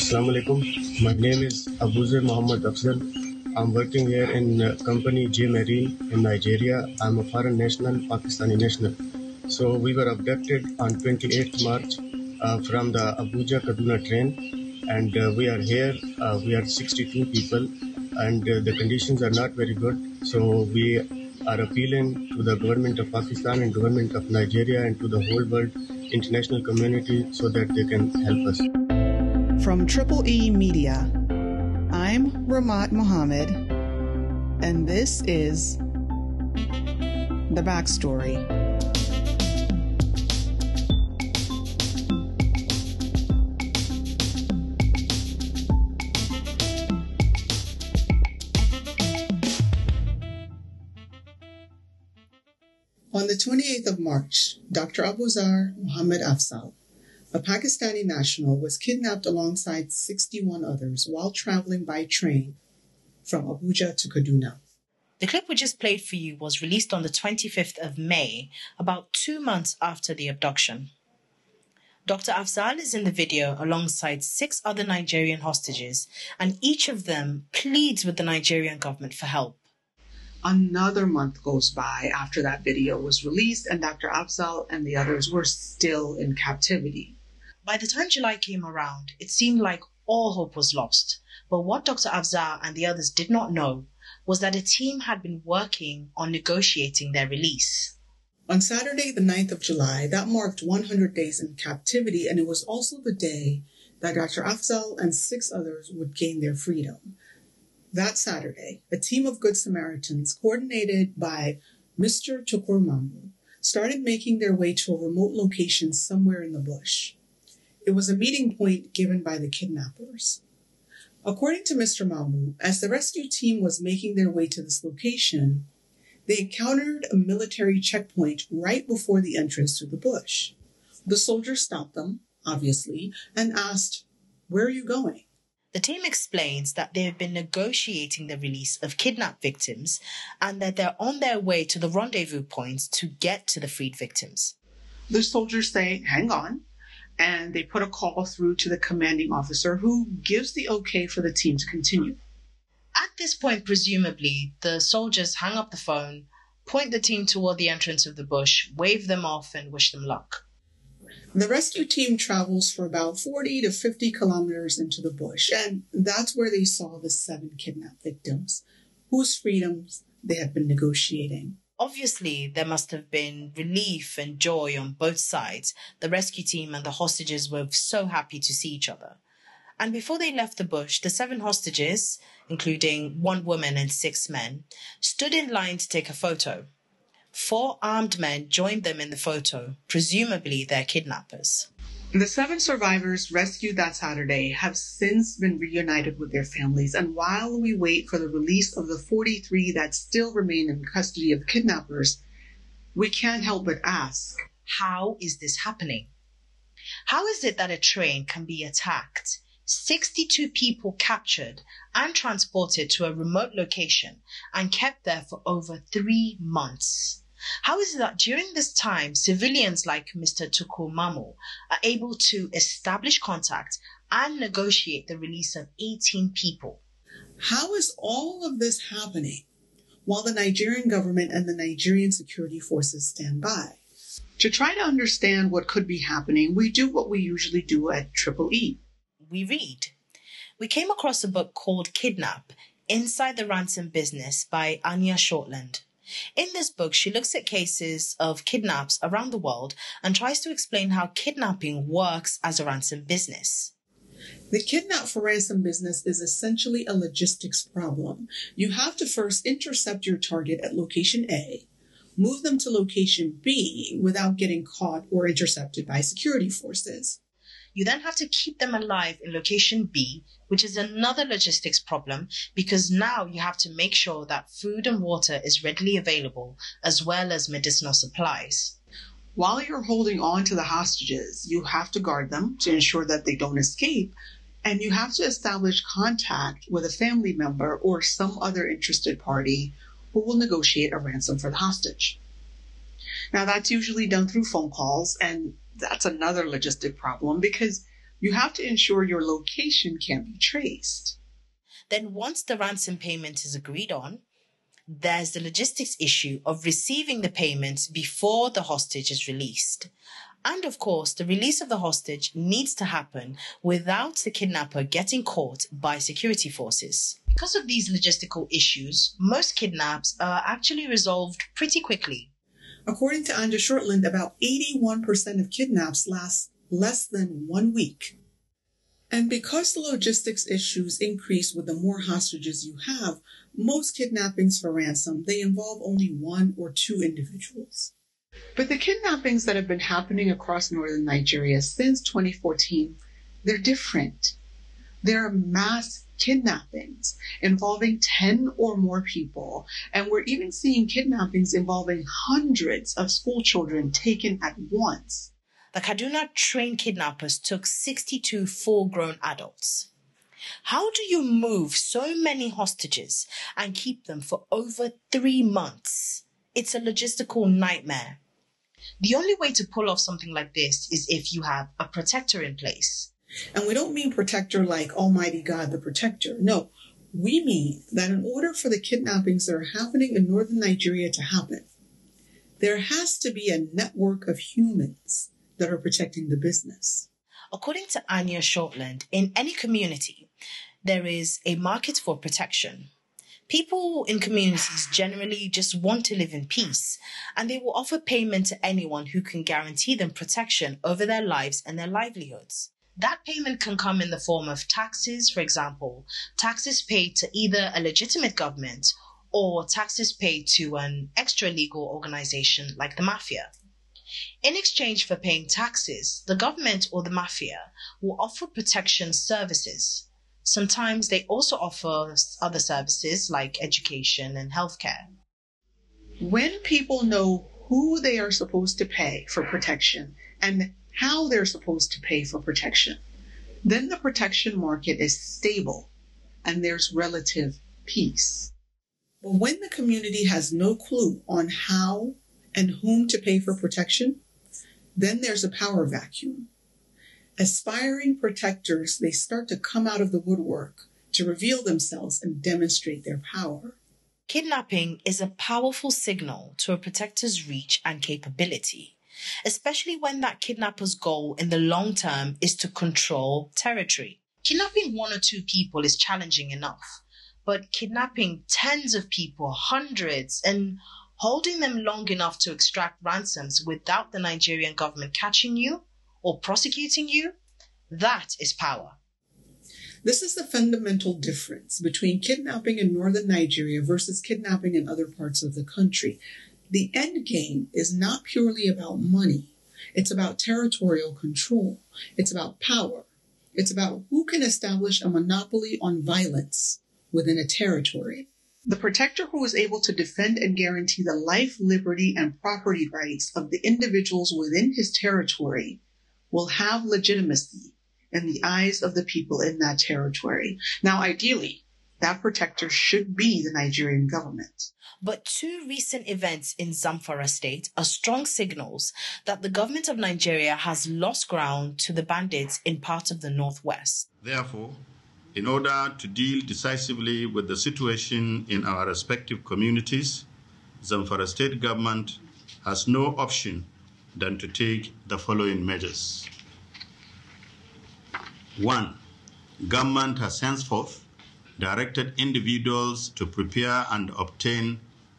Assalamualaikum. My name is Abuzir Muhammad Afzal. I'm working here in uh, company J Marine in Nigeria. I'm a foreign national, Pakistani national. So we were abducted on 28th March uh, from the Abuja Kaduna train, and uh, we are here. Uh, we are 62 people, and uh, the conditions are not very good. So we are appealing to the government of Pakistan and government of Nigeria and to the whole world international community so that they can help us. From Triple E Media, I'm Ramat Mohammed, and this is The Backstory. On the 28th of March, Dr. Abuzar Muhammad Afzal a Pakistani national was kidnapped alongside 61 others while traveling by train from Abuja to Kaduna. The clip we just played for you was released on the 25th of May, about two months after the abduction. Dr. Afzal is in the video alongside six other Nigerian hostages, and each of them pleads with the Nigerian government for help. Another month goes by after that video was released, and Dr. Afzal and the others were still in captivity. By the time July came around, it seemed like all hope was lost. But what Dr. Afzal and the others did not know was that a team had been working on negotiating their release. On Saturday, the 9th of July, that marked 100 days in captivity, and it was also the day that Dr. Afzal and six others would gain their freedom. That Saturday, a team of Good Samaritans, coordinated by Mr. Chukwurmamu, started making their way to a remote location somewhere in the bush. It was a meeting point given by the kidnappers. According to Mr. Mamu, as the rescue team was making their way to this location, they encountered a military checkpoint right before the entrance to the bush. The soldiers stopped them, obviously, and asked, Where are you going? The team explains that they have been negotiating the release of kidnapped victims and that they're on their way to the rendezvous points to get to the freed victims. The soldiers say, Hang on, and they put a call through to the commanding officer who gives the okay for the team to continue. At this point, presumably, the soldiers hang up the phone, point the team toward the entrance of the bush, wave them off, and wish them luck. The rescue team travels for about 40 to 50 kilometers into the bush, and that's where they saw the seven kidnapped victims whose freedoms they had been negotiating. Obviously, there must have been relief and joy on both sides. The rescue team and the hostages were so happy to see each other. And before they left the bush, the seven hostages, including one woman and six men, stood in line to take a photo. Four armed men joined them in the photo, presumably their kidnappers. The seven survivors rescued that Saturday have since been reunited with their families, and while we wait for the release of the 43 that still remain in custody of kidnappers, we can't help but ask how is this happening? How is it that a train can be attacked, 62 people captured and transported to a remote location and kept there for over three months? How is it that during this time, civilians like Mr. Tukumamo are able to establish contact and negotiate the release of 18 people? How is all of this happening while the Nigerian government and the Nigerian security forces stand by? To try to understand what could be happening, we do what we usually do at Triple E. We read. We came across a book called Kidnap Inside the Ransom Business by Anya Shortland. In this book, she looks at cases of kidnaps around the world and tries to explain how kidnapping works as a ransom business. The kidnap for ransom business is essentially a logistics problem. You have to first intercept your target at location A, move them to location B without getting caught or intercepted by security forces. You then have to keep them alive in location B, which is another logistics problem because now you have to make sure that food and water is readily available as well as medicinal supplies. While you're holding on to the hostages, you have to guard them to ensure that they don't escape, and you have to establish contact with a family member or some other interested party who will negotiate a ransom for the hostage. Now, that's usually done through phone calls, and that's another logistic problem because you have to ensure your location can be traced. Then, once the ransom payment is agreed on, there's the logistics issue of receiving the payments before the hostage is released. And of course, the release of the hostage needs to happen without the kidnapper getting caught by security forces. Because of these logistical issues, most kidnaps are actually resolved pretty quickly According to Anja Shortland, about 81% of kidnaps last less than one week. And because the logistics issues increase with the more hostages you have, most kidnappings for ransom, they involve only one or two individuals. But the kidnappings that have been happening across northern Nigeria since 2014, they're different. They're mass kidnappings involving 10 or more people. And we're even seeing kidnappings involving hundreds of school children taken at once. The Kaduna trained kidnappers took 62 full grown adults. How do you move so many hostages and keep them for over three months? It's a logistical nightmare. The only way to pull off something like this is if you have a protector in place. And we don't mean protector like Almighty God the protector. No, we mean that in order for the kidnappings that are happening in northern Nigeria to happen, there has to be a network of humans that are protecting the business. According to Anya Shortland, in any community, there is a market for protection. People in communities generally just want to live in peace, and they will offer payment to anyone who can guarantee them protection over their lives and their livelihoods. That payment can come in the form of taxes, for example, taxes paid to either a legitimate government or taxes paid to an extra legal organization like the mafia. In exchange for paying taxes, the government or the mafia will offer protection services. Sometimes they also offer other services like education and healthcare. When people know who they are supposed to pay for protection and how they're supposed to pay for protection. Then the protection market is stable and there's relative peace. But when the community has no clue on how and whom to pay for protection, then there's a power vacuum. Aspiring protectors, they start to come out of the woodwork to reveal themselves and demonstrate their power. Kidnapping is a powerful signal to a protector's reach and capability especially when that kidnapper's goal in the long term is to control territory. Kidnapping one or two people is challenging enough, but kidnapping tens of people, hundreds, and holding them long enough to extract ransoms without the Nigerian government catching you or prosecuting you, that is power. This is the fundamental difference between kidnapping in northern Nigeria versus kidnapping in other parts of the country. The end game is not purely about money. It's about territorial control. It's about power. It's about who can establish a monopoly on violence within a territory. The protector who is able to defend and guarantee the life, liberty, and property rights of the individuals within his territory will have legitimacy in the eyes of the people in that territory. Now, ideally, that protector should be the Nigerian government. But two recent events in Zamfara state are strong signals that the government of Nigeria has lost ground to the bandits in part of the northwest. Therefore, in order to deal decisively with the situation in our respective communities, Zamfara state government has no option than to take the following measures. One, government has henceforth directed individuals to prepare and obtain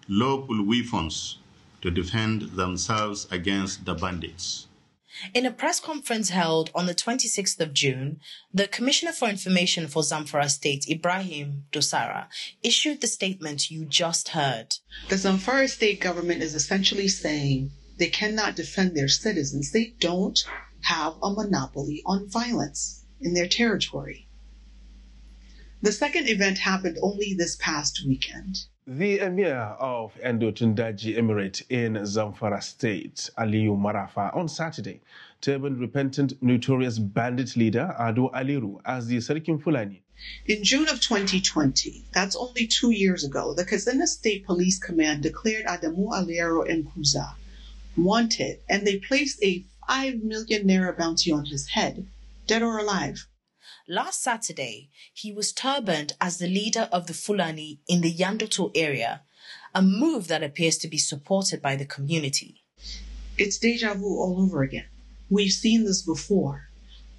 Local weapons to defend themselves against the bandits. In a press conference held on the 26th of June, the Commissioner for Information for Zamfara State, Ibrahim Dosara, issued the statement you just heard. The Zamfara state government is essentially saying they cannot defend their citizens. They don't have a monopoly on violence in their territory. The second event happened only this past weekend. The Emir of Endotundaji Emirate in Zamfara State, Aliyu Marafa, on Saturday, turbaned repentant notorious bandit leader Ado Aliru as the Serikin Fulani. In June of 2020, that's only two years ago, the Kazina State Police Command declared Adamu Aliru Nkuza wanted, and they placed a 5 million naira bounty on his head, dead or alive. Last Saturday, he was turbaned as the leader of the Fulani in the Yandoto area, a move that appears to be supported by the community. It's deja vu all over again. We've seen this before.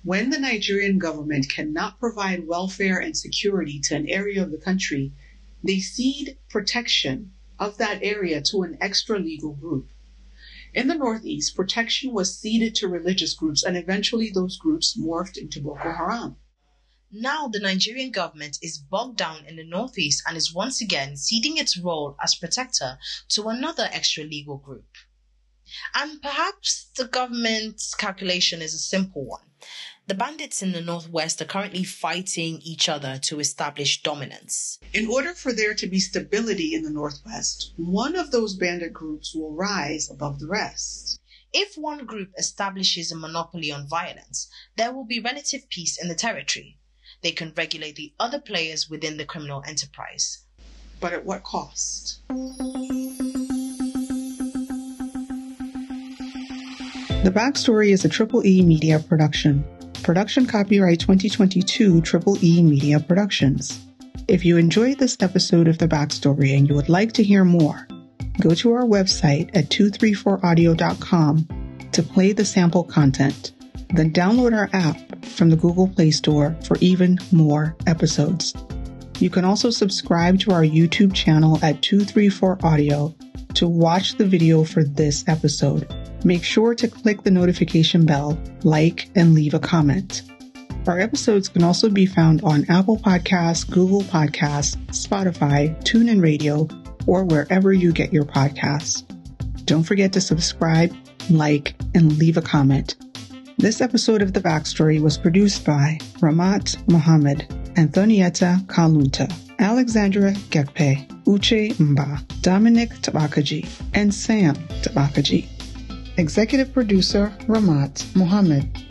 When the Nigerian government cannot provide welfare and security to an area of the country, they cede protection of that area to an extra legal group. In the Northeast, protection was ceded to religious groups, and eventually those groups morphed into Boko Haram. Now the Nigerian government is bogged down in the northeast and is once again ceding its role as protector to another extralegal group. And perhaps the government's calculation is a simple one. The bandits in the northwest are currently fighting each other to establish dominance. In order for there to be stability in the northwest, one of those bandit groups will rise above the rest. If one group establishes a monopoly on violence, there will be relative peace in the territory they can regulate the other players within the criminal enterprise. But at what cost? The Backstory is a Triple E Media production. Production copyright 2022 Triple E Media Productions. If you enjoyed this episode of The Backstory and you would like to hear more, go to our website at 234audio.com to play the sample content. Then download our app from the Google Play Store for even more episodes. You can also subscribe to our YouTube channel at 234 Audio to watch the video for this episode. Make sure to click the notification bell, like, and leave a comment. Our episodes can also be found on Apple Podcasts, Google Podcasts, Spotify, TuneIn Radio, or wherever you get your podcasts. Don't forget to subscribe, like, and leave a comment. This episode of The Backstory was produced by Ramat Mohammed, Antonietta Kalunta, Alexandra Gekpe, Uche Mba, Dominic Tabakaji, and Sam Tabakaji. Executive producer Ramat Mohammed.